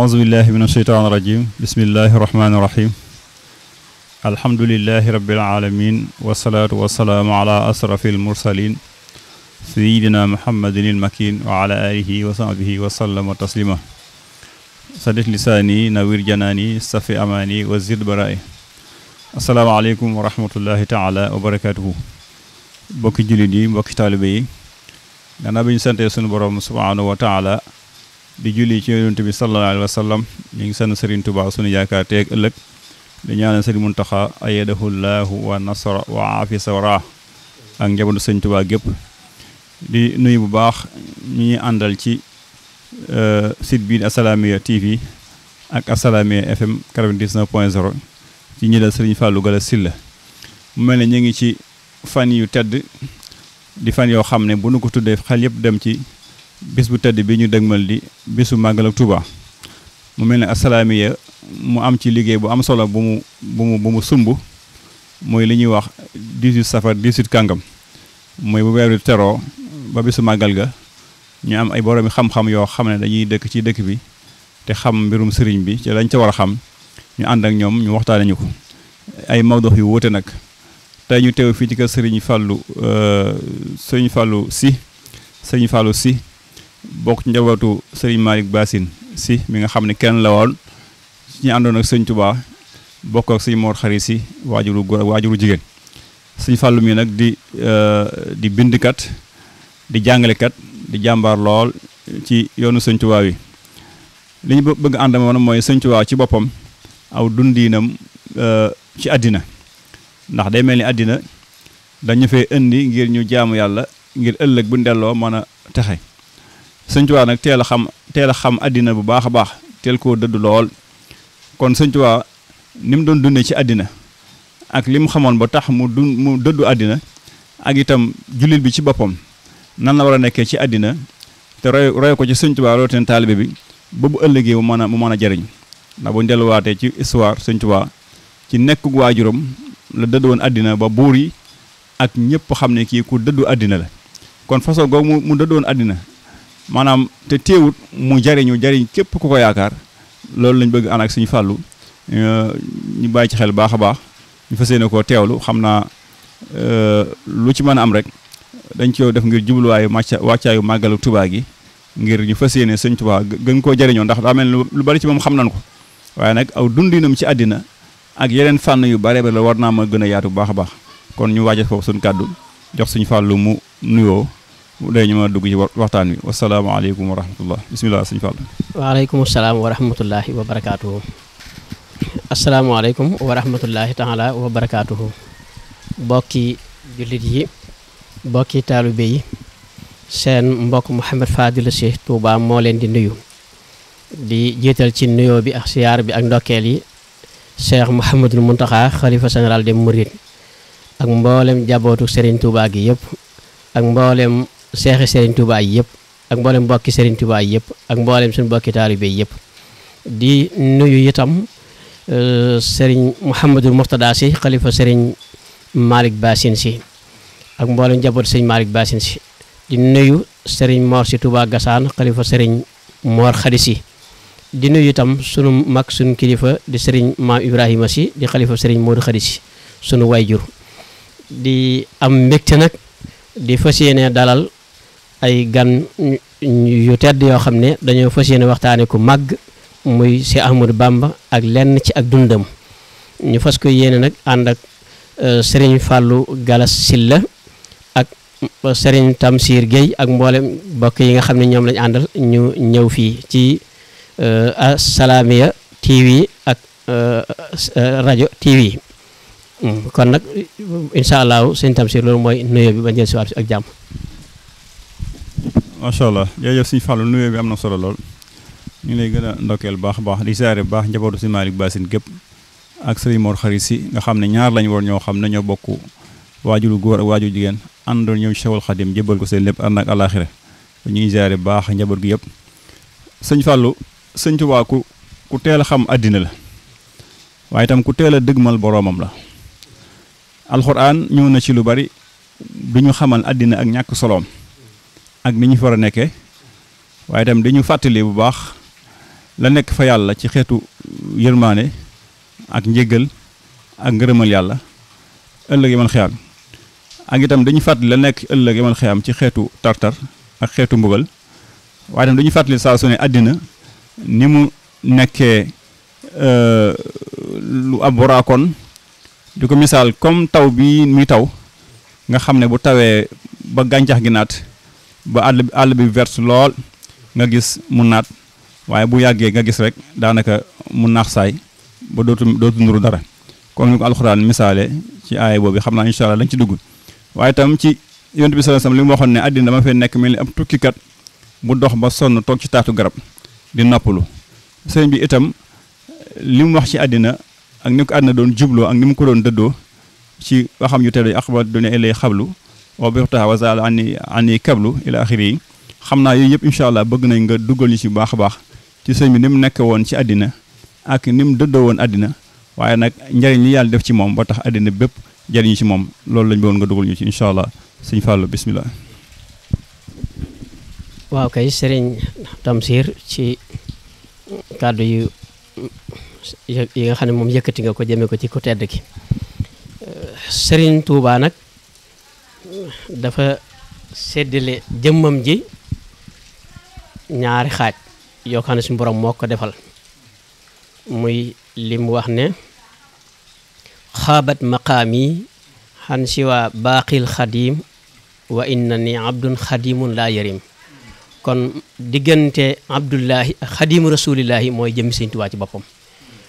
aousubillahi min asheytaan irajim bismillahi irrahmani irrahim alhamdulilahi rabilalamin wasalaatu wasalaamu ala asrafi almursalin sayidina muhammadin ilmakin wa ala alihi wa sahbihi wa sallama taslima sadit lisaani nawir janaani safi amaani wa zid baraay asalaamaaleykum wa rahmatullahi taala wa barakatuhu mbokki jullit yi mbokki taalibe yi gannaaw bi ñu santee sunu borom subhanahu wa taala di julli ci yonent bi sallallahu alayhi wa sallam ñu ngi sant Serigne Touba sunu yaakaar teeg ëllëg di ñaanal Serigne Mountakha ayadahu llaahu wa nasara wa afisa wara ak njabootu Serigne Touba gépp di nuyu bu baax ñu ñuy àndal ci euh, site bii di Assalaamy TV ak Assalaamy FM point 0 ci ñi dal Serigne Fallou Gala Silla mu mel ne ñu ngi ci fan yu tedd di fan yoo xam ne bu nu ko tuddee xel yëpp dem ci bis bu tedd bi ñu dëgmal di bisu màggal ak Touba mu mel ne asalaamiya mu am ci liggéey bu am solo bu mu bu mu sumb mooy li ñuy wax 18 safar kàngam mooy bu weer teroo ba bisu màggal ga ñu am ay boroomi xam-xam yoo xam ne dañuy dëkk ci dëkk bi te xam mbirum sëriñ bi ci lañ ca war a xam ñu ànd ak ñoom ñu waxtaanee ñu ko ay mawdox yu wóote nag tey ñu teew fii ci kër sëriñ Fallou euh, sëriñ Fallou si sëriñ Fallou si. bokk ci njabootu Serigne baasin si mi nga xam ni kenn la woon ñu àndoon ak sëñ Touba bokk ak sëñ Mor Xari si waajuru góor waajuru jigéen sëñ Fallou mi nag di euh, di bindkat di jàngalekat di jàmbaar lool ci yoonu sëñ Touba wi li ñu bëgg ànd mooy sëñ Touba ci boppam aw dundiinam euh, ci àddina ndax day mel ni àddina dañu fee indi ngir ñu jaamu yàlla ngir ëllëg bu ndelloo mën a texe sëñ nag teel a xam teel a xam àddina bu baax a baax teel koo dëddu lool kon sëñ ni mu doon dundee ci àddina ak li mu xamoon ba tax mu du mu dëddu àddina ak itam jullit bi ci boppam nan la war a nekkee ci àddina te roy roy ko ci sëñ Tuubaa loolu teen taalibe bi ba bu ëllëgee mu mën a mu mën a jariñ ndax bu ñu delluwaatee ci histoire sëñ ci nekk waajuram la dëdd woon àddina ba buur yi ak ñëpp xam ne kii ku dëddu àddina la kon façon googu àddina maanaam te teewut mu jariñu jariñ képp ku ko yaakaar loolu lañ bëgg ànd ak suñu fàllu euh, ñu bàyyi ci xel baax a baax ñu fas yéene koo teewlu xam naa euh, lu ci mën a am rek dañ ci def ngir jubluwaayu màcca wàccaayu màggalu tubaa gi ngir ñu fas yéene sëñ tubaa gën koo jariñoo ndax daa mel lu bari ci moom xam nañ ko waaye nag aw dundinam ci àddina ak yeneen fànn yu bare bare la war naa ma gën a yaatu bu baax a baax kon ñu waajal foofu suñu kàddu jox suñu fàllu mu nuyoo léegi ñu ma dugg ci waxtaan wi wasalaamaaleykum wa rahmatullah bisimilah sëñ Fall waaleykum salaam wa rahmatullahi wa barakaatuhu asalaamaaleykum wa rahmatullahi jullit yi mbokki taalibe yi seen mbokk Mouhamed Fadil si Touba moo leen di nuyu di jiital ci nuyoo bi ak siyaar bi ak ndokkeel yi Cheikh Mouhamadul Mountakha xalifa général des Mourides ak mboolem jabootu Serigne Touba gi yëpp ak mboolem seexi Serigne Touba yi yëpp ak mboolem mbokki Serigne Touba yi yëpp ak mboolem suñu mbokki taalibe yi yëpp di nuyu itam euh, Serigne Mouhamadul Mourtada si xalifa Serigne Malick Bassine si ak mboolem njaboot Serigne Malick Bassine si di nuyu Serigne Mor si Touba Gassane xalifa Serigne Mor Khady si di nuyu itam sunu mag sunu kilifa di Serigne Maam Ibrahima si di xalifa Serigne Modou Khady si sunu wayjur di am mbégte nag di fas yéene dalal ay gan yu tedd yoo xam ne dañoo fas yéene waxtaane ku màgg muy si Ahmadou bàmb ak lenn ci ak dundam ñu fas ko yéene nag ànd ak euh, sëriñ Fallou Galas Silla ak euh, sëriñ Tamsir Gueye ak mboolem mbokk yi nga xam ne ñoom lañ àndal ñu ñëw fii ci euh, Assalaamy TV ak rajo TV mm. kon nag incha allahu sëriñ Tamsir loolu mooy nuyoo bi ba njël si waat si ak jàmm macha allah jërëjëf suñu fàllu nuyoo bi am na solo lool ñu lay gën a ndokkeel baax baax di siyaare bu baax njabootu si Malick Bassine gépp ak Serigne Mor Xarit si nga xam ne ñaar lañu woon ñoo xam ne ñoo bokk waajuru góor ak waajuru jigéen àndoon ñoom Cheikhul Khadim jébbal ko seen lépp ànd ak àlaaxira ñu ngi siyaare baax njaboot gi yëpp sëñ fàllu sëñ Tuubaa ku teel a xam àddina la waaye itam ku teel a dëgmal boroomam la alxuraan ñëw na ci lu bari du ñu xamal àddina ak ñàkk soloom ak ni ñu fa war a nekkee waaye itam dañu fàttali bu baax la nekk fa yàlla ci xeetu yërmaane ak njéggal ak ngërëmal yàlla ëllëg yamal xiyaam ak itam dañu fàttali la nekk ëllëg yamal xiyaam ci xeetu tartar ak xeetu mbugal waaye itam dañu fàttali saa su àddina ni mu nekkee euh, lu ab waraakoon di ko misaal comme taw bi muy taw nga xam ne bu tawee ba gàncax gi naat ba àll àll bi verte lool nga gis mu naat waaye bu yàggee nga gis rek daanaka mu naax saay ba dootu dootu nuru dara comme ni ko alxuraan misaale ci aaya boobu xam naa incha lañ ci dugg waaye tam ci yonent bi sallallahu alayhi wasallam li mu waxoon ne àddina dama fee nekk mel ni ab tukkikat bu dox ba sonn toog ci taatu garab di noppalu sëñ bi itam li mu wax ci àddina ak ni ko àddina doon jubloo ak ni mu ko doon dëddoo ci waxam yu tedd yi axbar dunya ilay xablu wa birtaha wa zaal ani ani kablu ila axiri yi xam naa yooyu yëpp incha allah bëgg nañ nga duggal ñu ci baax a baax ci sëñ bi ni nekk woon ci àddina ak ni mu dëddoo woon àddina waaye nag njëriñ li yàlla def ci moom ba tax àddina bépp jëriñu ci moom loolu lañ woon nga dugal ñu ci incha allah sëñ Fallou bismillah waaw kay sëriñ Tamsir ci kàddu yu yi nga xam ne moom yëkkati nga ko jëmee ko ci ku tedd ki sëriñ Touba nag dafa séddale jëmmam ji ñaari xaaj yoo xam ne suñu moo ko defal muy lim wax ne xaabat maqaami xan siwa baaqil xadiim wa inna ni abdun xadimun laa yarim kon diggante abdullahi xadimu rasulillahi mooy jëmm Sëñ Tuubaa ci boppam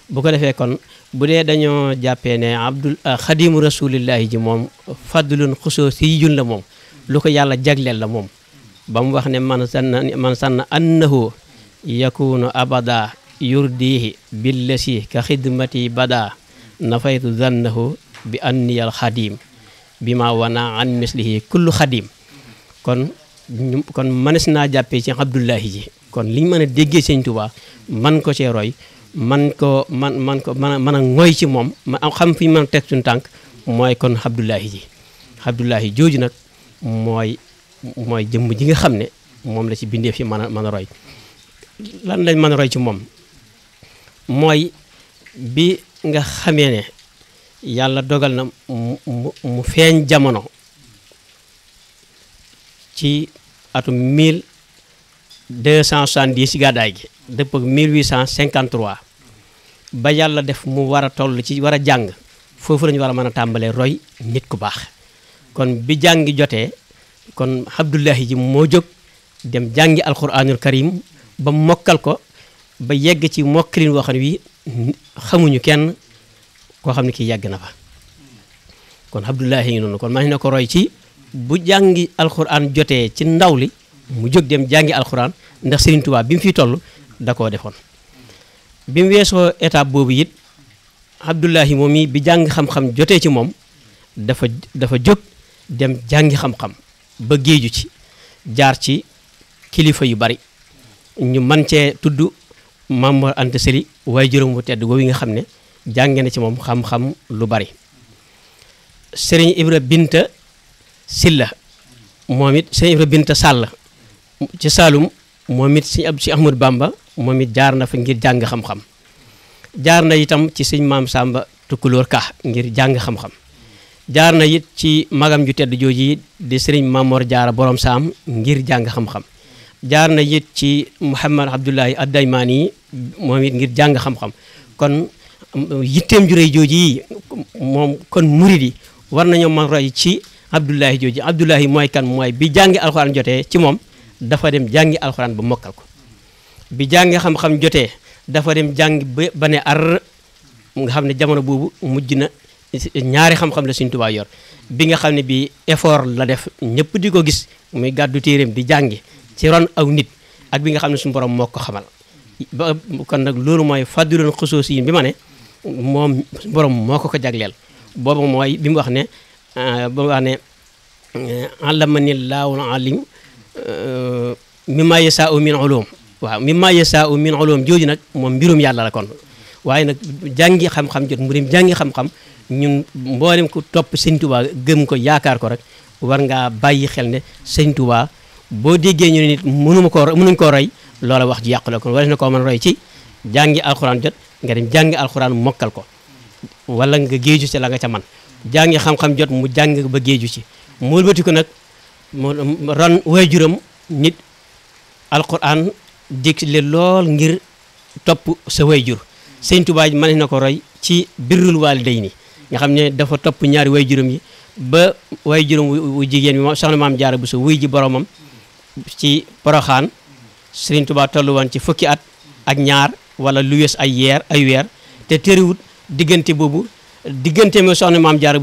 bu ko defee kon bu dee dañoo jàppee ne abdul euh, xadimu rasulillahi ji moom fadlun xusuusiyun la moom lu ko yàlla jagleel la moom ba mu wax ne man sanna man sanna annahu yakunu abada yurdihi billasi ka xidmati bada nafaytu zannahu bi anniyal xadim bi ma wana an mislihi kullu xadim kon kon mënees naa jàppee ci abdullahi ji kon liñ mën a déggee sëñ Tuubaa man ko cee man ko man man ko man a mën a ngoy ci moom ma xam fi ñu a teg suñu tànk mooy kon Abdoulahi ji Abdoulahi jooju nag mooy mooy jëmm ji nga xam ne moom la ci bindee fi man a mën a roy lan lañ mën a roy ci moom mooy bi nga xamee ne yàlla dogal na mu mu feeñ jamono ci atum 1270 ci gàddaay gi dëpp ak 1853 ba yàlla def mu war a toll ci war a jàng foofu lañu ñu war a mën a tàmbalee roy nit ku baax kon bi jàngi jotee kon Abdullahi ji moo jóg dem jàngi alquranul karim ba mokkal ko ba yegg ci mokkalin waxan wi xamuñu kenn koo xam ne kii yàgg na fa kon Abdullahi ngi noonu kon maa ngi ko roy ci bu jàngi alquran jotee ci ndaw li mu jóg dem jàngi alquran ndax Serigne Touba bi mu fiy toll da koo defoon bi mu weesoo étape boobu it Abdullahi moom yi bi jàng xam-xam jotee ci moom dafa dafa jóg dem jàngi xam-xam ba géeju ci jaar ci kilifa yu bari ñu man cee tudd Mamor Anta waaye juróom bu tedd boobu nga xam ne jànge na ci moom xam-xam lu bari Serigne Ibra Binta Silla moom it Serigne Ibra Binta Sàll ci Saalum moom it si ab si Ahmad Bamba moom it jaar na fa ngir jàng xam-xam jaar na itam ci sëñ maam Samba Tukulóor Ka ngir jàng xam jaar na it ci magam ju tedd jooji di sëriñ Mamor Jaara borom saam ngir jàng xam-xam jaar na it ci Mouhamad Abdullahi Addaymaani moom it ngir jàng xam-xam kon yitteem ju réy jooji moom kon murid yi war nañoo man roy ci Abdullahi jooji Abdullahi mooy kan mooy bi jàngi alxuraan jotee ci moom dafa dem jàngi alxuraan ba mokkal ko bi jàngi xam-xam jotee dafa dem jàng ba ba ne ar nga xam ne jamono boobu mujj na ñaari xam-xam la Sëriñ Tuubaa yor bi nga xam ne bi effort la def ñëpp di ko gis muy gàddu téeréem di jàngi ci ron aw nit ak bi nga xam ne suñu borom moo ko xamal kon nag loolu mooy fàdduloon xosoo si bi ma ne moom borom moo ko ko jagleel boobu mooy bi mu wax ne ah, ba mu wax ne eh, allamani laawul alim eh, mi ma yasaau min ulum waaw mi ma yasaau min ulum jooju nag moom mbirum yàlla la kon waaye nag jàngi xam-xam jot mbirum jàngi xam-xam ñun mboolem ku topp sëñ gëm ko yaakaar ko rek war ngaa bàyyi xel ne sëñ Tuubaa boo déggee ñu ne nit mënuma koo mënuñ koo roy loola wax ji yàqu la kon war na koo mën roy ci jàngi alxuraan jot nga dem jàngi mokkal ko wala nga géeju ci la nga ca man jàngi xam jot mu jàng ba géeju ci mu wëlbati digle lool ngir topp sa wayjur sëñ Tuubaa mën na ko roy ci birrul waalidayni nga xam ne dafa topp ñaari wayjuram yi ba wayjuram wu jigéen bi soxna maam Jaara Buso wuy ji boromam ci Poroxaan sëñ Tuubaa tollu woon ci fukki at ak ñaar wala lu wees ay yeer ay weer te tëriwut diggante boobu diggante mi soxna maam Jaara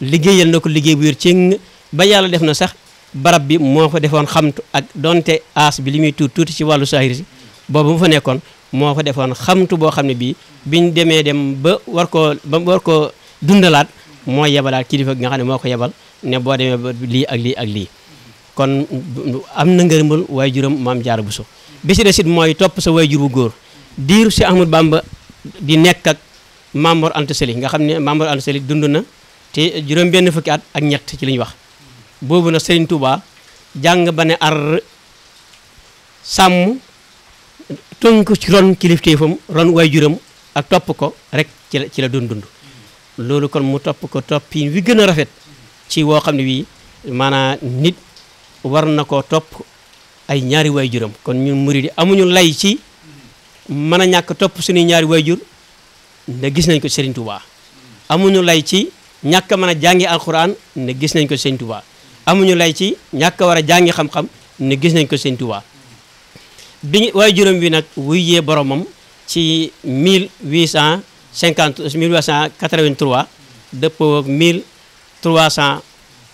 liggéeyal na ko liggéey bu wér ci ba yàlla def na sax barab bi moo ko defoon xamtu ak donte as bi li muy tuuti tuuti ci wàllu saahir si boobu mu fa nekkoon moo ko defoon xamtu boo xam ne bii biñ demee dem ba war koo ba war koo dundalaat moo yebalaat kilifa gi nga xam ne moo ko yebal ne boo demee ba lii ak lii ak lii kon am na ngërëmal waajuram maam Jaara Buso bi ci des mooy topp sa waajur bu góor diiru si Ahmadu Bamba di nekk ak Maam Mor Anta nga xam ne Maam Mor Anta dund na te juróom benn fukki at ak ñett ci li ñu wax boobu na sëriñ Touba jàng ba ne ar sàmm tënk ci ron kilifteefam ron waajuram ak topp ko rek ci la ci la doon dund loolu kon mu topp ko toppiin wi gën a rafet ci woo xam ne wii maanaam nit war na ko topp ay ñaari waajuram kon ñun murid yi amuñu lay ci mën a ñàkk topp suñuy ñaari waajur ne gis nañ ko Serigne Touba amuñu lay ci ñàkk a mën a jàngi alxuraan gis nañ ko Serigne Touba amuñu lay ci ñàkk war a jàngi xam-xam ne gis nañ ko sëñ Tuubaa bi waaye juróom bi nag wuyee boromam ci 1850 1883 dëppoo ak 1399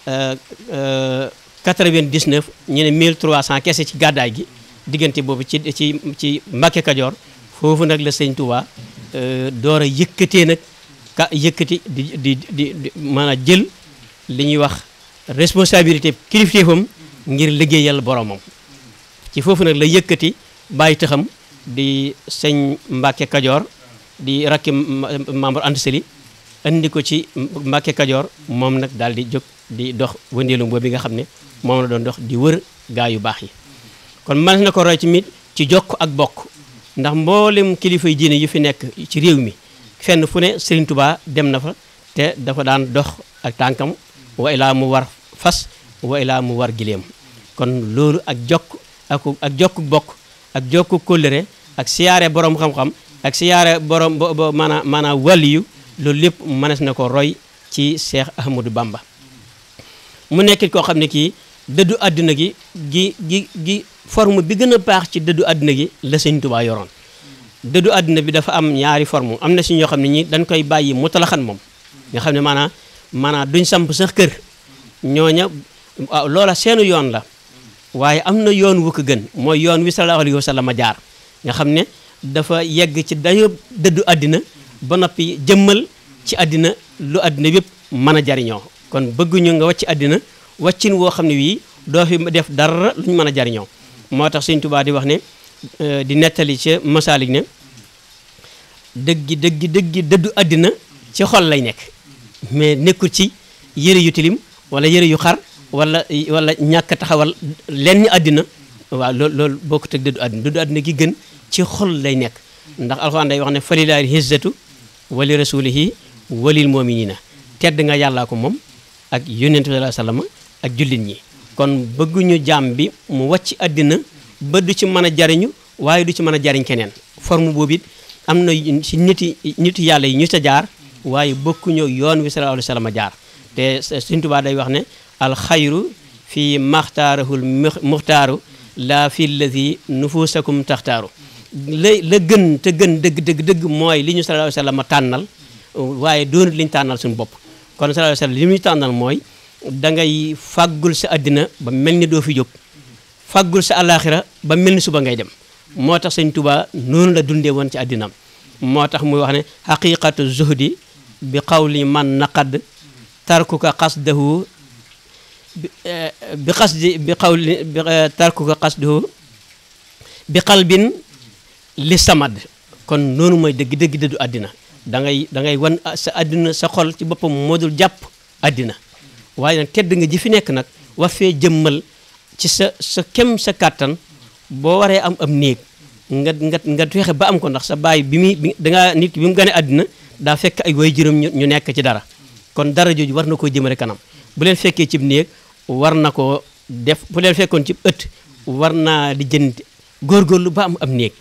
euh, euh, ñu ne 1300 kese ci gàddaay gi diggante boobu ci ci ci Mbàkke Kajoor foofu nag la sëñ Tuubaa euh, door a yëkkatee nag ka yëkkati di di di mën a jël li ñuy wax responsabilité kilifteefam ngir liggéeyal boromam ci foofu nag la yëkkati bàyyi taxam di sëñ Mbacke Kajoor di rakki membre Anta Sali ko ci Mbacke Kajoor moom nag daal di jóg di dox wëndeelum boobu nga xam ne moom la doon dox di wër gaa yu baax yi kon mën na ko roy tamit ci jokk ak bokk ndax mboolem kilifa yi yu fi nekk ci réew mi fenn fu ne Serigne Touba dem na fa te dafa daan dox ak tànkam wa ilaa mu war fas woy laa mu war gileem kon loolu ak jokk ak ak bokk ak jokku kóllëre ak siyaare boroom xam-xam ak siyaare boroom maanaam maanaam wàlliyu loolu lépp mënees na ko roy ci Cheikh Ahmadou Bamba mu nekkit koo xam ne kii dëddu àddina gi gi gi gi forme bi gën a baax ci dëddu àdduna gi la sëñ Tuubaa yoroon dëddu àdduna bi dafa am ñaari form am na si ñoo xam ne ñi dañ koy bàyyi mutalaxan moom nga xam ne maanaam maanaam duñ samp sax kër ñooña loola seenu yoon la waaye am na yoon wu ko gën mooy yoon wi sallallahu alayhi wa jaar nga xam ne dafa yegg ci dañoo dëddu àddina ba noppi jëmmal ci àddina lu àddina bépp mën a jariñoo kon bëgguñu nga wàcc àddina wàccin woo xam ne wii doo fi def dara luñ mën a jariñoo moo tax Sëñ Tuubaa di wax ne euh, di nettali ci masaalik ne dëggi dëggi dëggi dëddu àddina ci xol lay nekk mais nekkul ci yëre yu tilim wala yëre yu xar wala wala ñàkk taxawal leen ñu àddina waaw loolu loolu bokkut ak dëddu àddina dëddu àddina gi gën ci xol lay nekk ndax alxuraan day wax ne falilaahi izzatu wali rasulihi walil muminina tedd nga yàllaa ko moom ak yonent bi sallallahu alayhi wasallam ak jullit ñi kon bëgguñu jaam bi mu wàcc àddina ba du ci mën a jariñu waaye du ci mën a jariñ keneen forme boobu it am na ci niti niti yàlla yi ñu ca jaar waaye bokkuñu yoon wi sallallahu alayhi wasallam jaar te Sëriñ Tuubaa day wax ne alxayru fi maxtaarahul muxtaaru laa fi lazi nufusakum taxtaaru la la gën te gën dëgg dëgg dëgg mooy li ñu sallallahu alayhi wa sallam tànnal waaye doonut li ñu tànnal suñu bopp kon sallallahu alayhi wa li muy tànnal mooy da ngay fàggul sa àddina ba mel ni doo fi jóg fàggul sa alaaxira ba mel ni suba ngay dem moo tax Sëriñ tubaa noonu la dundee woon ci àddinaam moo tax muy wax ne xaqiqatu zuhdi bi qawli man naqad tarkuka qasdahu eh, bi qasdi bi qawli eh, tarkuka qasdahu bi qalbin li samad kon noonu mooy dëgg dëgg dëddu àddina da ngay da wan ah, sa àddina sa xol ci boppam moo dul jàpp àddina waaye nag tedd nga ji fi nekk nag wax fee jëmmal ci sa sa kem sa kàttan boo waree am am néeg nga nga nga fexe ba am ko ndax sa baay bi muy dangaa nit bi mu gane àddina daa fekk ay way juróom ñu nekk ci dara kon dara jooju war na koo jëmale kanam bu leen fekkee cib néeg war na koo def bu leen fekkoon cib ëtt war naa di jënd góorgóorlu ba am am néeg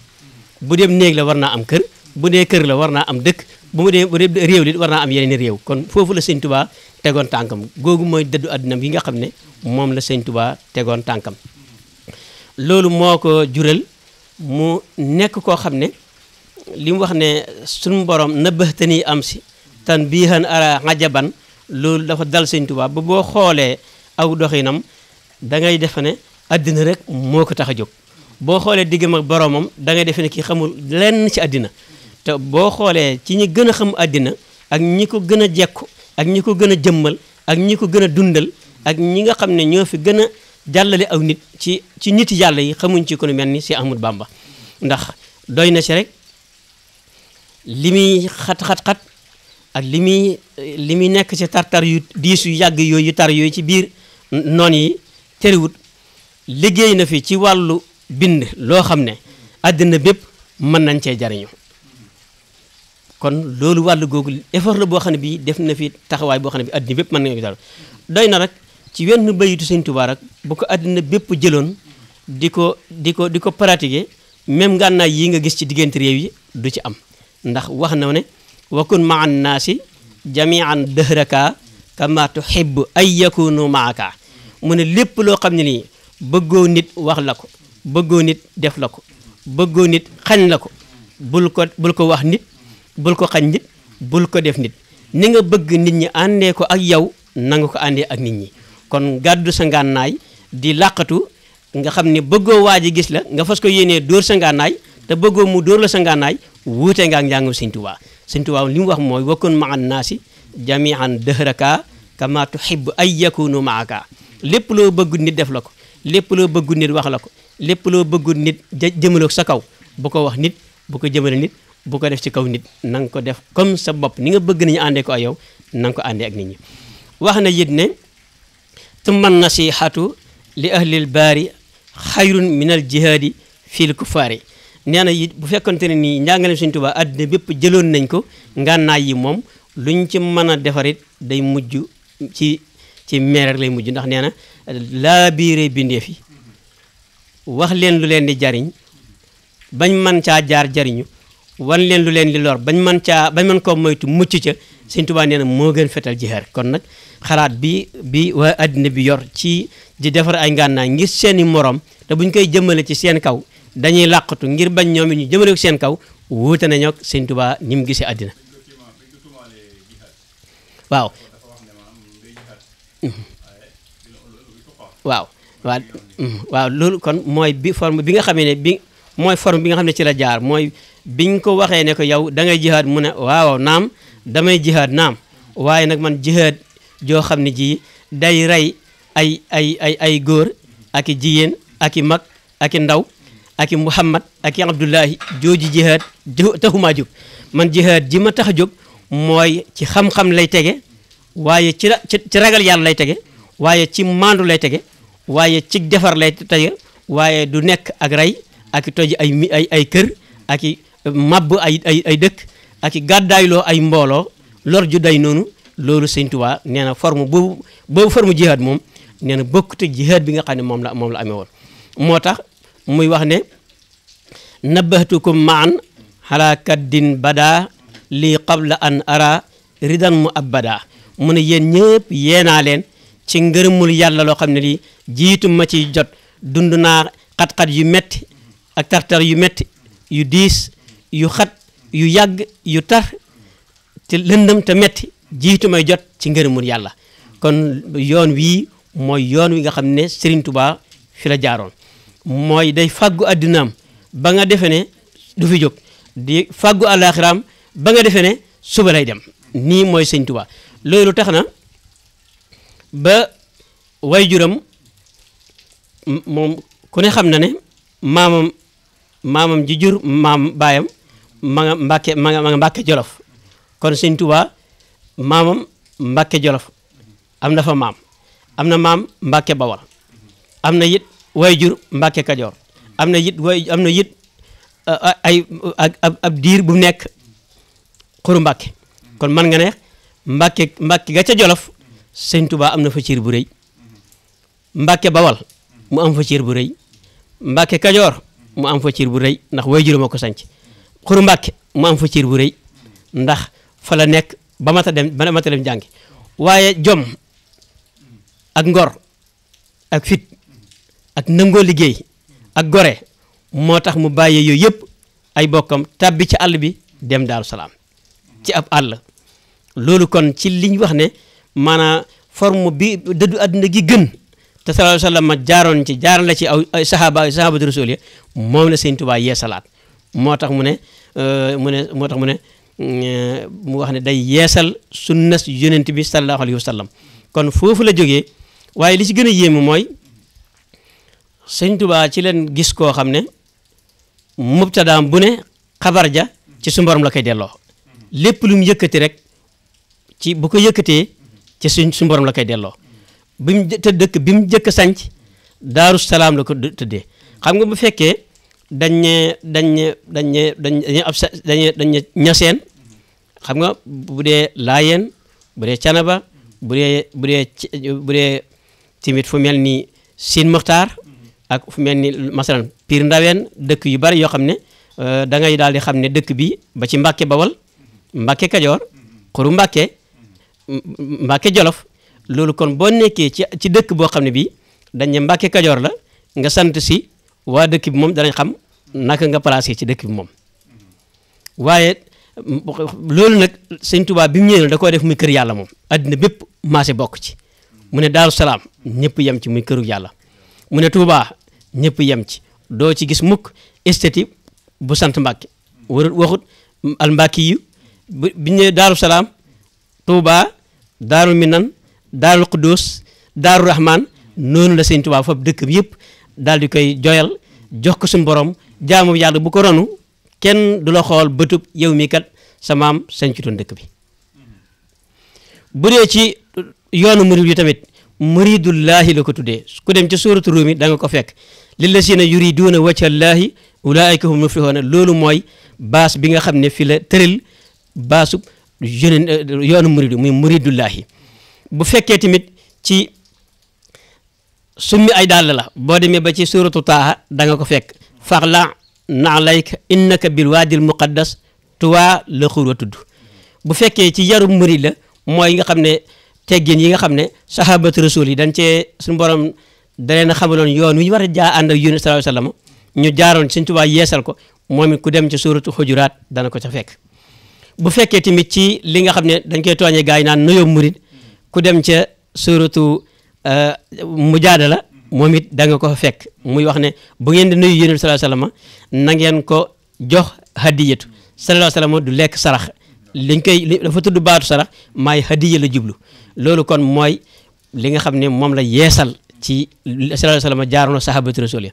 bu dem néeg la war na am kër bu dee kër la war naa am dëkk bu mu dee bu dee li war naa am yeneen réew kon foofu la sëñ Tuubaa tegoon tànkam googu mooy dëddu àddunam yi nga xam ne moom la sëñ Tuubaa tegoon tànkam loolu moo ko jural mu nekk koo xam ne li mu wax ne suñu borom na bëxtani am si tanbiihan ara ajaban loolu dafa dal sëñ tubaab ba boo xoolee aw doxinam dangay ngay defe ne àddina rek moo ko tax a jóg boo xoolee diggam ak boromam da ngay defe ne kii xamul lenn ci àddina te boo xoolee ci ñi gën a xam àddina ak ñi ko gën a jekku ak ñi ko gën a jëmmal ak ñi ko gën a dundal ak ñi nga xam ne ñoo fi gën a jàllale aw nit ci ci nit yàlla yi xamuñ ci ko mel ni si Ahmadu bàmba ndax doy na ci rek li muy xat-xat-xat li muy li muy nekk ci tartar yu diis yu yàgg yooyu tar yooyu ci biir noon yi terewut liggéey na fi ci wàllu bind loo xam ne àddina bépp mën nañ cee jariñu kon loolu wàll googu effort la boo xam ne bii def na fi taxawaay boo xam ne bi àddina bépp mën nañu ko dara doy na rek ci wenn bayitu Sëñ Tuubaa bu ko àddina bépp jëloon di ko di ko di ko pratiquer même ngànnaay yi nga gis ci diggante réew yi du ci am ndax wax na ne wakun maa annaasi jamian dëhraka kama xeb ay yakunu maaka mu ne lépp loo xam ne nii bëggoo nit wax la ko bëggoo nit def la ko bëggoo nit xañ la ko bul ko bul ko wax nit bul ko xañ nit bul ko def nit ni nga bëgg nit ñi àndee ko ak yow na nga ko àndee ak nit ñi kon gàddu sa ngànnaay di làqatu nga xam ne bëggoo waa ji gis la nga fas ko yéenee door sa ngànnaay te bëggoo mu dóor la sa ngànnaay wuute nga ak njàngam Sëñ Tuubaa Sëñ Tuubaa li mu wax mooy wakkun maan naasi jamian dëhraka kama tuhibbu ay yakunu maaka lépp loo bëggu nit def la ko lépp loo bëggu nit wax la ko lépp loo bëggu nit jëmale sa kaw bu ko wax nit bu ko jëmale nit bu ko def ci kaw nit na ko def comme sa bopp ni nga bëgg nañu àndee ko ak yow na ko àndee ak nit ñi wax na it ne tumma nasihatu li ahlil baari xayrun min al jihaadi fil kufaari nee na it bu fekkante ne nii njàngale suñ Tuubaa àddina bépp jëloon nañ ko ngànnaay yi moom luñ ci mën a defarit day mujj ci ci meereer lay mujj ndax nee na laa biire bindeef yi wax leen lu leen di jariñ bañ mën caa jaar jariñu wan leen lu leen di lor bañ mën caa bañ mën koo moytu mucc ca Sëñ Tuubaa nee moo gën fetal jihaar kon nag xalaat bi bi waa àddina bi yor ci di defar ay ngànnaay ngir seeni morom te buñ koy jëmmale ci seen kaw dañuy làqatu ngir bañ ñoom it ñu jëmale seen kaw wuute nañu ak sëñ Tuubaa ni mu gisee àddina waaw waaw loolu kon mooy bi forme bi nga xamee ne bi mooy form bi nga xam ne ci la jaar mooy biñ ko waxee ne ko yow dangay ngay mu ne waaw naam damay jihaad naam waaye nag man jihaad joo xam ne ji day rey ay ay ay góor ak jigéen ak i mag ak ndaw ak i Muhammad ak i Abdullahi jooji jihaad taxumaa jóg man jihaad ji tax a jóg mooy ci xam-xam lay tege waaye ci ci ragal yàlla lay tege waaye ci maandu lay tege waaye ci defar lay tege waaye du nekk ak rey ak toj ay ay ay kër ak i euh, mabb ay ay ay dëkk ak gàddaay loo ay mbooloo lor ju day noonu loolu Sëñ Tuubaa nee na forme boobu boobu forme jihaad moom nee na bokkut ak jihaad bi nga xam ne moom la moom la amee woon moo tax muy wax ne nabbahtukum maan xalaa kaddin badaa lii qabla an ara ridan mu abada mu ne yéen ñëpp yéenaa leen ci ngërëmul yàlla loo xam ne lii jiitu ma ci jot dund naa xat-xat yu metti ak tartar yu metti yu diis yu xat yu yàgg yu tar te lëndëm te metti jiitu may jot ci ngërëmul yàlla kon yoon wii mooy yoon wi nga xam ne Serigne Touba fi jaaroon mooy day fàggu àddinaam ba nga defe ne du fi jóg di fàggu àllaaxiraam ba nga defe ne suba lay dem nii mooy sëñ loolu tax na ba way juram moom ku xam na ne maamam maamam jijur jur maam baayam ma nga mbàkke ma nga jolof kon sëñ Tuubaa maamam mbàkke jolof am na fa maam am na maam mbakke bawal am na it waajur Mbàkke Kajoor am na it way am na it ay ab diir bu nekk xuru Mbàkke kon man nga ne mbakke Mbàkke ga ca Jolof Sëñ Tuubaa am na fa ciir bu rëy Mbàkke Bawal mu am fa ciir bu rëy Mbàkke Kajoor mu am fa ciir bu rëy ndax waajur ma ko sanc xuru Mbàkke mu fa ciir bu rëy ndax fa nekk ba mata dem dem jàngi waaye jom ak ngor ak fit ak nangoo liggéey ak gore moo tax mu bàyyee yooyu yëpp ay bokkam tàbbi ci àll bi dem daaru salaam ci ab àll loolu kon ci liñ wax ne maanaam forme bi dëddu àdduna gi gën te sallallahu alayhi wa sallam ci jaaroon ci aw ay saxaaba ay saxaabatu ya moom la sëñ Tuubaa yee salaat moo tax mu ne euh, mu ne moo tax mu ne euh, mu wax ne day yeesal sunnas yonent bi sallallahu alayhi wa kon foofu la jógee waaye li ci gën a yéemu mooy sëñ tubaa ci leen gis koo xam ne mubtadaam bu ne xabar ja ci suñu borom la koy delloo lu mu rek ci bu ko yëkkatee ci suñ suñu borom la koy delloo bi mu te dëkk bi mu jëkk sanc daaru salaam la xam nga bu fekkee dañ ne dañ ne dañ ne ñaseen xam nga bu dee laayeen bu dee canaba bu dee timit fu mel ni siin muxtaar ak fu mel ni masalan piir ndaween dëkk yu bari yoo xam ne euh, da ngay daal di xam ne dëkk bi ba ci Mbàkke Bawal Mbàkke Kajoor xuru Mbàkke Mbàkke Jolof loolu kon boo nekkee ci ci dëkk boo xam ne bii dañ ne Kajoor la nga sant si waa dëkk bi moom danañ xam naka nga placé ci dëkk bi moom waaye loolu nag sëñ Tuubaa bi mu ñëwee da koo def muy kër yàlla moom addina bépp maase bokk ci mu ne Daaru Salaam ñëpp yem ci muy këru yàlla mu ne Tuubaa ñépp yem ci doo ci gis mukk esthétique bu sant Mbàkke warut waxut al yi bu bi ñëwee Daaru Salaam Touba Daaru Minan Daaru Quddus Daaru Rahman noonu la Sëñ Touba foofu dëkk bi yépp daal di koy joyal jox ko suñu borom jaamu yàlla bu ko ronu kenn du la xool bëtub yow mi kat sa maam sañ ci doon dëkk bi bu dee ci yoonu murid yi tamit muridullahi la ko tuddee ku dem ci suuratu ruumi da nga ko fekk lillazina yuriduuna wajha llaahi ulaayka hum muflihuuna loolu mooy baas bi nga xam ne fi la tëral baasub yeneen yoonu muridu muy muridullaahi bu fekkee tamit ci summi ay dàll la boo demee ba ci suratu taaha da nga ko fekk faxla naalayka innaka bil waadil muqaddas tuwaa la xuur a tudd bu fekkee ci yarum murid la mooy nga xam ne teggin yi nga xam ne sahabatu rasul yi dañ cee suñu borom da leen a xamaloon yoon wi ñu war a jaa ànd ak yónni sallallahu alayhi ñu jaaroon Sëñ Tuubaa yeesal ko moom ku dem ci suuratu xujuraat dana ko ca fekk bu fekkee tamit ci li nga xam ne dañ koy tooñee gars yi naan nuyoo murid ku dem ca suuratu euh, mujaadala moom it da nga ko fekk muy wax ne bu ngeen di nuyu yónni sallallahu alayhi wasallam na ngeen ko jox hadiyatu sallallahu alayhi wasallam du lekk sarax liñ koy dafa du baatu sarax maay hadiya la jublu loolu kon mooy li nga xam ne moom la yeesal ci sallallahu alayhi wa sallam jaaroon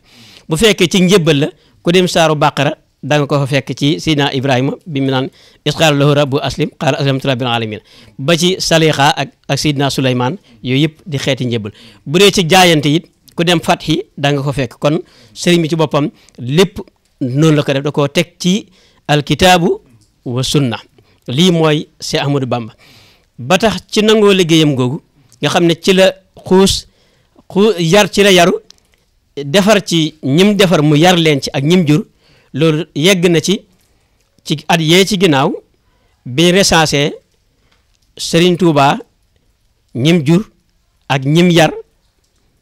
bu fekkee ci njëbbal la ku dem saaru bàqara da ko fa fekk ci sidna ibrahima bi mu naan isqaala lahu rabbu aslim qaala aslamtu rabbil alamin ba ci salixa ak ak sidna souleyman yooyu yëpp di xeeti njëbbal bu dee ci jaayante it ku dem fatxi da nga ko fekk kon sëriñ bi ci boppam lépp noonu la ko def da koo teg ci alkitaabu wa sunna lii mooy Cheikh Ahmadou Bamba ba tax ci nangoo liggéeyam googu nga xam ne ci la xuus ku yar ci la yaru defar ci ñim defar mu yar leen ci ak ñim jur loolu yegg na ci ci at yee ci ginnaaw bi recensé Serigne Touba ñim jur ak ñim yar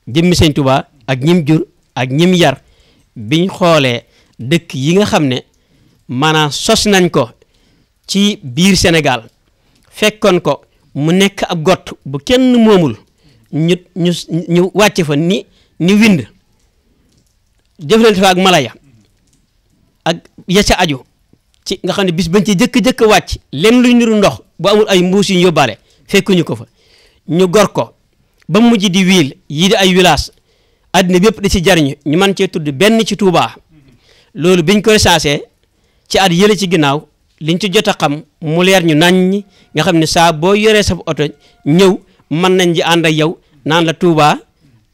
jëmmi Serigne Touba ak ñim jur ak ñim yar biñ xoolee dëkk yi nga xam ne maanaam sos nañ ko ci biir senegal fekkoon ko mu nekk ab gott bu kenn moomul ñu ñu wàcce fa ni ni wind jëflante fa ak malaya ak ya ca aju ci nga xam ne bis bañ ci jëkk-jëkk wàcc lenn luñ niru ndox bu amul ay mbuus yu ñu yóbbaale fekkuñu ko fa ñu gor ko ba mujj di wiil yii di ay wilaas àddina bépp da ci jariñu ñu mën cee tudd benn ci tuubaa loolu biñ ko recensé ci at yële ci ginnaaw liñ ci jot a xam mu leer ñu nañ ñi nga xam ne saa boo yoree sa oto ñëw man nañ ji ànd ak yow naan la Touba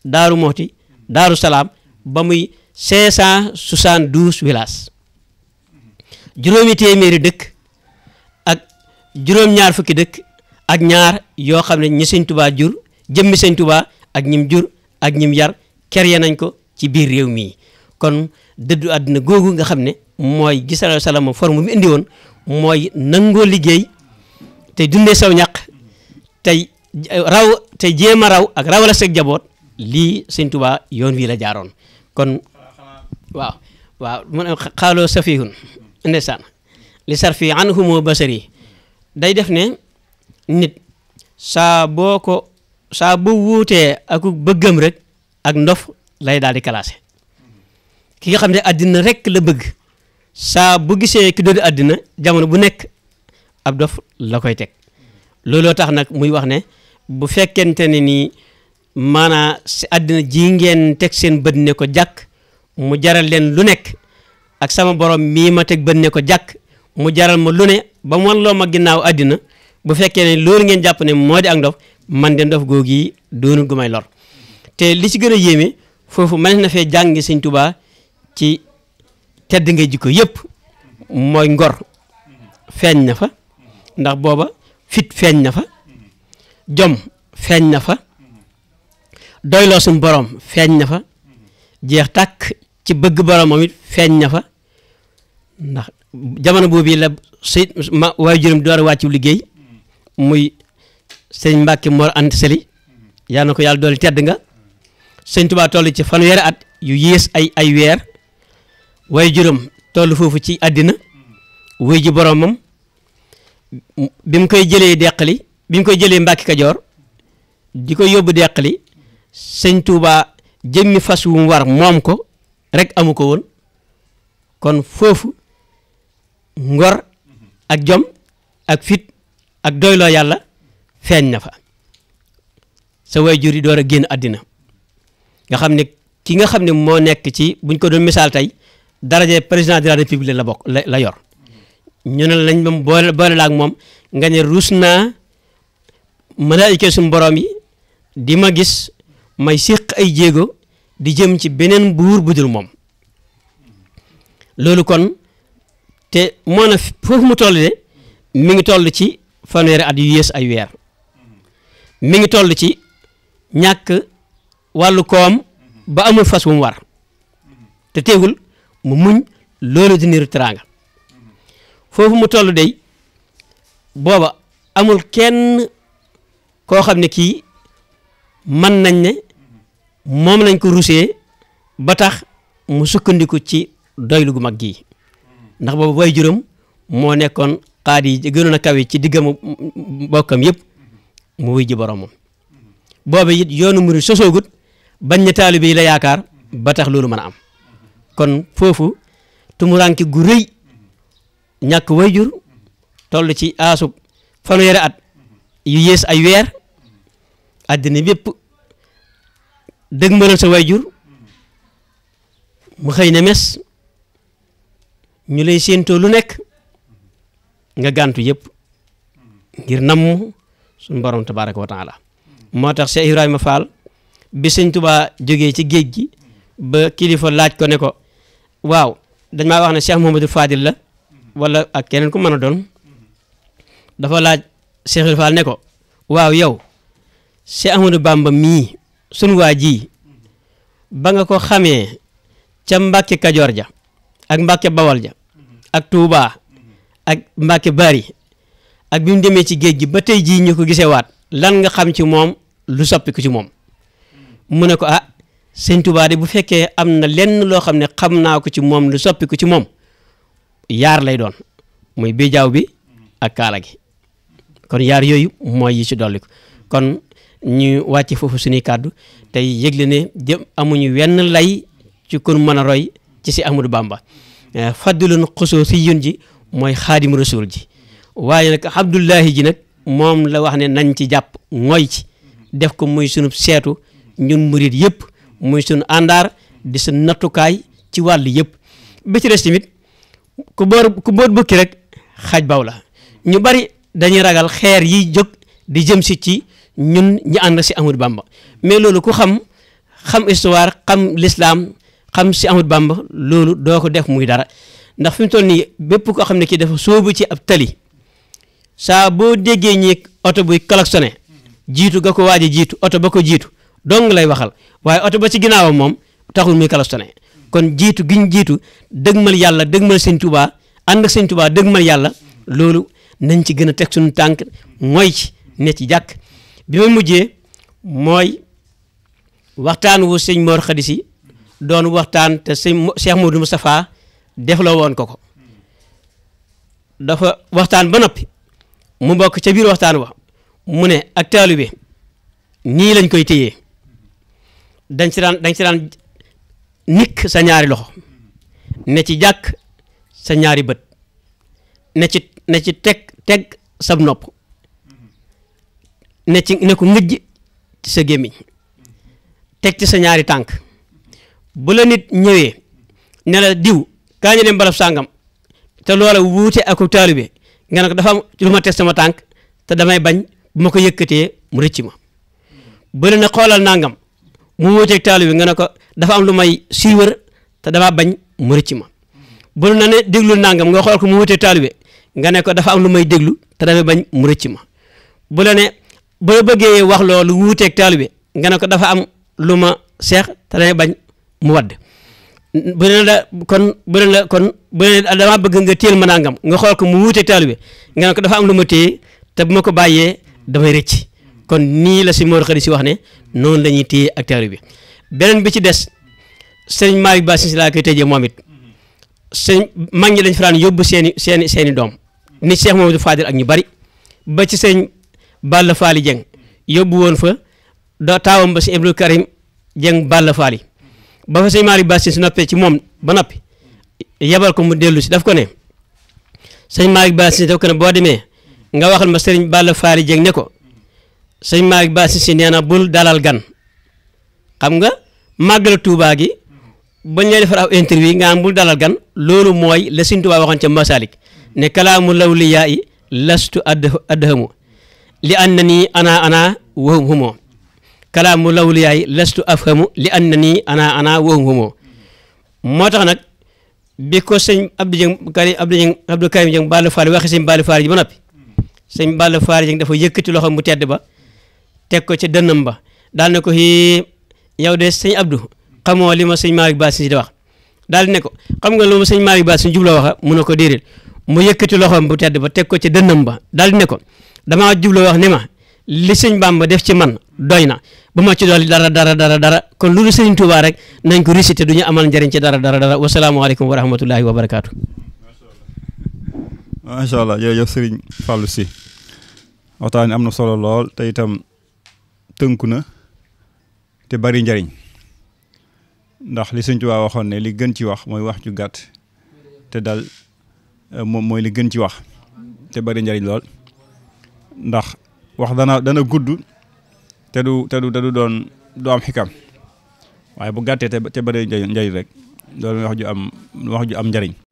Daaru Moxti Daaru Salaam ba muy cinq cent soixante-douze villages dëkk ak juróom-ñaar fukki dëkk ak ñaar yoo xam ne ñi sëñ Touba jur jëmmi sëñ Touba ak ñim jur ak ñim yar kere nañ ko ci biir réew mii kon dëddu àdduna googu nga xam ne mooy gisal salama forme bi indi woon mooy nangoo liggéey te dundee saw ñaq tey raw te jéem a raw ak raw la seg jaboot lii sëñ yoon wii la jaaroon kon waaw waaw mu ne xaaloo safihun ndeysaan li sarfi anhumu basari day def ne nit saa boo ko saa bu wuutee aku bëggam rek ak ndof lay daal di classé ki nga xam ne àddina rek la bëgg saa bu gisee ki doon àddina jamono bu nekk ak ndof la koy teg looloo tax nag muy wax ne bu fekkente ne nii maanaa si àddina ji ngeen teg seen bët ne ko jàkk mu jaral leen lu nekk ak sama borom mii ma teg bët ne ko jàkk mu jaral ma lu ne ba man loo ma ginnaaw àddina bu fekkee ne loolu ngeen jàpp ne moo di ak ndof man de ndof googi doonu gu may lor te li ci gën a yéeme foofu mën na fee jàngi sëñ Tuubaa ci tedd nga jikko yëpp mooy ngor feeñ na fa ndax booba fit feeñ na fa jom feeñ na fa doyloo suñ boroom feeñ na fa jeex tàkk ci bëgg boroomam it feeñ na fa ndax jamono boobu la si ma waaye juróom door wàccu liggéey muy sëñ Mbàkke Mor Anta Sali yaa na ko yàlla dooli tedd nga sëñ Tuubaa toll ci fanweeri at yu yées ay ay weer waaye juróom toll foofu ci àddina wuy ji boroomam bi mu koy jëlee deqali bi mu koy jëlee Mbàkke Kajoor di ko yóbbu deqali sëñ Touba jëmmi fas wu mu war moom ko rek amu ko woon kon foofu ngor ak jom ak fit ak doyloo yàlla feeñ na fa sa jur yi door a génn àddina nga xam ne ki nga xam ne moo nekk ci buñ ko doon misaal tey daraje président de la république la bokk la yor ñu ne lañ moom boole boole ak moom nga ne ruus naa malaayika suñu borom yi di ma gis may séq ay jéego di jëm ci beneen buur bu dul moom loolu kon te moo na foofu mu toll de mi ngi toll ci fanweeri at ay weer mi ngi toll ci ñàkk wàllu koom ba amul fas wu mu war te teewul mu muñ loolu di niru teraanga foofu mu toll de booba amul kenn koo xam ne kii man nañ ne moom lañ ko rusee ba tax mu sukkandiku ci doylu gu mag gii ndax boobu way juróom moo nekkoon xaad yi gënoon a kawe ci diggam bokkam yëpp mu wuy ji boromam boobu it yoonu murid sosoogut bañ ne taalibe yi la yaakaar ba tax loolu mën a am kon foofu tumuranke gu rëy ñàkk way toll ci aasub fanweeri at yu yées ay weer àddina bépp dëgg mënal way waajur mu xëy na mes ñu lay séentoo lu nekk nga gàntu yépp ngir namm suñu borom tabaaraka wa moo tax Cheikh ma Fall bi sëñ Tuubaa jógee ci géej gi ba kilifa laaj ko ne ko waaw dañ maa wax ne Cheikh Mouhamadou Fadil la wala ak keneen ku mën a doon dafa laaj Cheikh Ibrahima Fall ne ko waaw yow Cheikh Ahmadou Bamba mii sun waa ji ba nga ko xamee ca Mbàkke Kajoor ja ak Mbàkke Bawal ja ak Tuubaa ak Mbàkke Bari ak bi demee ci géej gi ba tey jii ñu ko gisee waat lan nga xam ci moom lu soppiku ci moom mu ne ko ah sëñ Tuubaa bu fekkee am na lenn loo xam ne xam naa ko ci moom lu soppiku ci moom yaar lay doon muy bijaaw bi ak kaala gi kon yaar yooyu mooy yi ci dolli ñu wàcce foofu sunuy kàddu tey yëgle ne jëm amuñu wenn lay ci kon mën a roy ci si Ahmadou bàmba eh, faddulun xusoo si yun ji mooy xaadim rasul ji waaye nag Abdullahi ji nag moom la wax ne nañ ci jàpp mooy ci def ko muy sunu seetu ñun murit yëpp muy sunu àndaar di sunu nattukaay ci wàll yëpp bi ci des tamit ku boor ku boor bukki rek xaj baw la ñu bari dañuy ragal xeer yi jóg di jëm si ci ñun ñu ànd si Amadou Bamba mais loolu ku xam xam histoire xam l'islam xam si Amadou Bamba loolu doo ko def muy dara ndax fi mu toll nii bépp koo xam ne kii dafa soobu ci ab tali saa boo déggee ñi oto buy klaxonné jiitu ga ko waaj a jiitu oto ba ko jiitu dong lay waxal waaye oto ba ci ginnaawam moom taxul muy klaxonné kon jiitu giñ jiitu dëgg mal yàlla dëgmal sëñ Tuubaa ànd ak sëñ dëgg dëgmal yàlla loolu nañ ci gën a teg suñu tànk mooy ci ne ci jàkk bi may mujjee mooy waxtaan wu sëñ Mor Khady doon waxtaan te sëñ Cheikh Modou Moustapha def ko ko dafa waxtaan ba noppi mu mbokk ca biir waxtaan wa mu ne ak taalibe nii lañ koy téye dañ si daan dañ nikk sa ñaari loxo ne ci jàkk sa ñaari bët ne ci ne ci teg teg sab nopp ne ci ne ko ngëjj ci sa gémmiñ teg ci sa ñaari tànk bu la nit ñëwee ne diw kaa ñu dem sàngam te loola wuute ak taalibe nga ne ko dafa am lu ma teg sama tànk te damay bañ bu ko yëkkatee mu rëcc ma bu la ne xoolal nangam mu wuuteeg taalibe nga ne ko dafa am lu may siiwër te dama bañ mu ma bu la ne déglu nangam nga xool ko mu wuuteeg taalibe nga ne ko dafa am lu may déglu te damay bañ mu rëcc ma bu la ne boo bëggee wax loolu wuuteeg taalibe nga ne ko dafa am lu ma seex te dañuy bañ mu wadd bu ne la kon bu ne la kon bu ne bëgg nga téel ma nangam nga xool ko mu wuuteeg taalibe nga ne ko dafa am lu ma téye te bu ma ko bàyyee damay rëcc kon nii la si Mor Khady si wax ne noonu la ñuy téye ak taalibe beneen bi ci des sëñ Malick Ba si laa koy tëjee moom it sëñ mag ñi dañ fi yóbbu seen seen i seen i doom ak ñu bari ba ci sëñ Balla Faali Jeng yóbbu woon fa da taawam ba si Ibnu Karim Jeng Balla Faali ba fa sëñ Maalik Basi si noppee ci moom ba noppi yebal ko mu dellu si def ko ne sëñ Maalik Basi daf ko boo demee nga waxal ma sëriñ Balla Faali ne ko sëñ Maalik Basi si nee na bul dalal gan xam nga màggal Tuubaa gi bañ lay defar aw interview nga am bul dalal gan loolu mooy la Sëriñ Tuubaa waxoon ca Masaalik ne kalaamu lawliyaa yi lastu addahamu li anna nii ana ana wahum humoo kalaamu lawliyaay lastu afhamu li anna nii ana ana wahum humoo moo tax nag bi ko sëñ Abdou Dieng Karim Abdou Dieng Abdou Karim Dieng Balla Fall ji ba noppi sëñ Balla Fall Dieng dafa yëkkati loxo mu tedd ba teg ko ci dënnam ba daal ne ko xii yow de sëñ Abdou xamoo li ma sëñ Malick Ba si di wax daal ne ko xam nga lu sëñ Malick Ba si jubla waxa mu ne ko déedéet mu yëkkati loxoom bu tedd ba teg ko ci dënnam ba daal ne ko damaa jubloo wax ni ma li sëñ Bàmba def ci man doy na ba ma ci dolli dara dara dara dara kon loolu sëriñ Tuubaa rek nañ ko récité du ñu amal njariñ ci dara dara dara wasalaamaaleykum wa rahmatullahi wa barakaatu. macha allah jërëjëf sëriñ Fallou si waxtaan am na solo lool te itam tënku na te bari njariñ ndax li sëñ Tuubaa waxoon ne li gën ci wax mooy wax ju gàtt te dal moom mooy li gën ci wax te bari njariñ lool. ndax wax dana dana gudd te du tedu du te du doon du am xikam waaye bu gàttee te te bëree njëriñ rek doon wax ju am wax ju am njëriñ